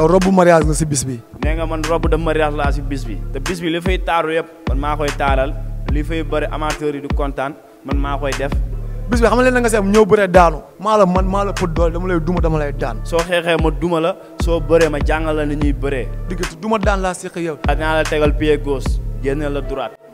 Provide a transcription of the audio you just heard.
yow robu mariage nga bis bi. nee nga man robu de mariage laa bis bi te bis bi li fay taaru yëpp man maa koy taaral li fay bëri amateur yi du kontaan man maa koy def. bis bi xam nga leen nga si ñëw bëree daanu maa la man maa la pët doole dama lay duma dama lay daan. soo xeexee ma duma la soo baree ma jàngale na ñuy bëree. digg duma daan laa seq yow. dinaa la tegal pied gauche génne la droite.